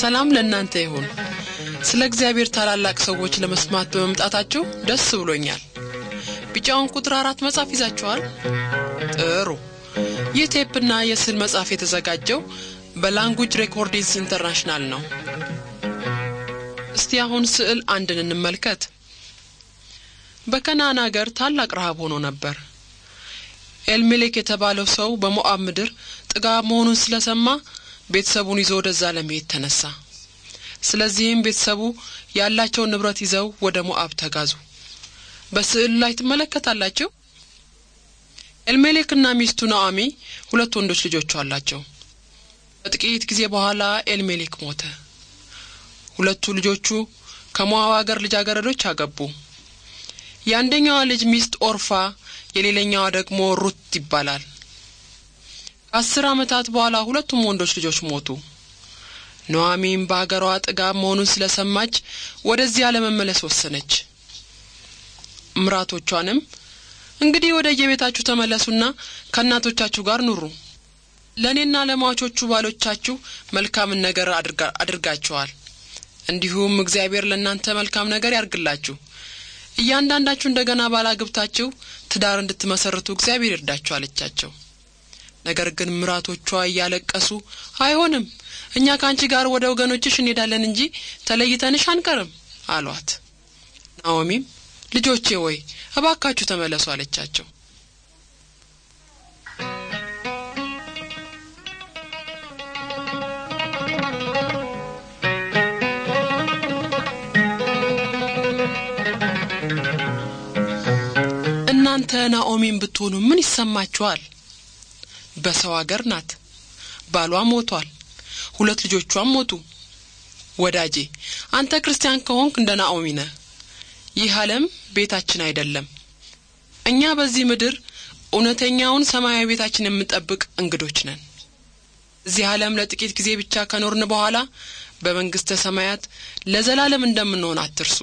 ሰላም ለእናንተ ይሁን። ስለ እግዚአብሔር ታላላቅ ሰዎች ለመስማት በመምጣታችሁ ደስ ብሎኛል። ቢጫውን ቁጥር አራት መጽሐፍ ይዛችኋል? ጥሩ። ይህ ቴፕና የስዕል መጽሐፍ የተዘጋጀው በላንጉጅ ሬኮርዲንግስ ኢንተርናሽናል ነው። እስቲ አሁን ስዕል አንድን እንመልከት። በከናን አገር ታላቅ ረሃብ ሆኖ ነበር። ኤልሜሌክ የተባለው ሰው በሞአብ ምድር ጥጋብ መሆኑን ስለሰማ ቤተሰቡን ይዞ ወደዛ ለመሄድ ተነሳ። ስለዚህም ቤተሰቡ ያላቸውን ንብረት ይዘው ወደ ሞአብ ተጋዙ። በስዕሉ ላይ ትመለከታላችሁ። ኤልሜሌክና ሚስቱ ናኦሚ ሁለት ወንዶች ልጆች አላቸው። ከጥቂት ጊዜ በኋላ ኤልሜሌክ ሞተ። ሁለቱ ልጆቹ ከሞዓብ አገር ልጃገረዶች አገቡ። የአንደኛዋ ልጅ ሚስት ኦርፋ፣ የሌላኛዋ ደግሞ ሩት ይባላል። ከአስር ዓመታት በኋላ ሁለቱም ወንዶች ልጆች ሞቱ። ኑኃሚን በአገሯ ጥጋብ መሆኑን ስለሰማች ወደዚያ ለመመለስ ወሰነች። ምራቶቿንም እንግዲህ ወደ የቤታችሁ ተመለሱና ከእናቶቻችሁ ጋር ኑሩ። ለእኔና ለሟቾቹ ባሎቻችሁ መልካምን ነገር አድርጋችኋል። እንዲሁም እግዚአብሔር ለእናንተ መልካም ነገር ያርግላችሁ። እያንዳንዳችሁ እንደገና ባላግብታችሁ ትዳር እንድትመሰርቱ እግዚአብሔር ይርዳችሁ አለቻቸው። ነገር ግን ምራቶቿ እያለቀሱ አይሆንም፣ እኛ ከአንቺ ጋር ወደ ወገኖችሽ እንሄዳለን እንጂ ተለይተንሽ አንቀርም አሏት። ናኦሚም ልጆቼ ወይ እባካችሁ ተመለሱ አለቻቸው። እናንተ ናኦሚን ብትሆኑ ምን ይሰማችኋል? በሰው አገር ናት። ባሏ ሞቷል። ሁለት ልጆቿም ሞቱ። ወዳጄ አንተ ክርስቲያን ከሆንክ እንደ ናኦሚ ነህ። ይህ ዓለም ቤታችን አይደለም። እኛ በዚህ ምድር እውነተኛውን ሰማያዊ ቤታችን የምንጠብቅ እንግዶች ነን። እዚህ ዓለም ለጥቂት ጊዜ ብቻ ከኖርን በኋላ በመንግሥተ ሰማያት ለዘላለም እንደምንሆን አትርሱ።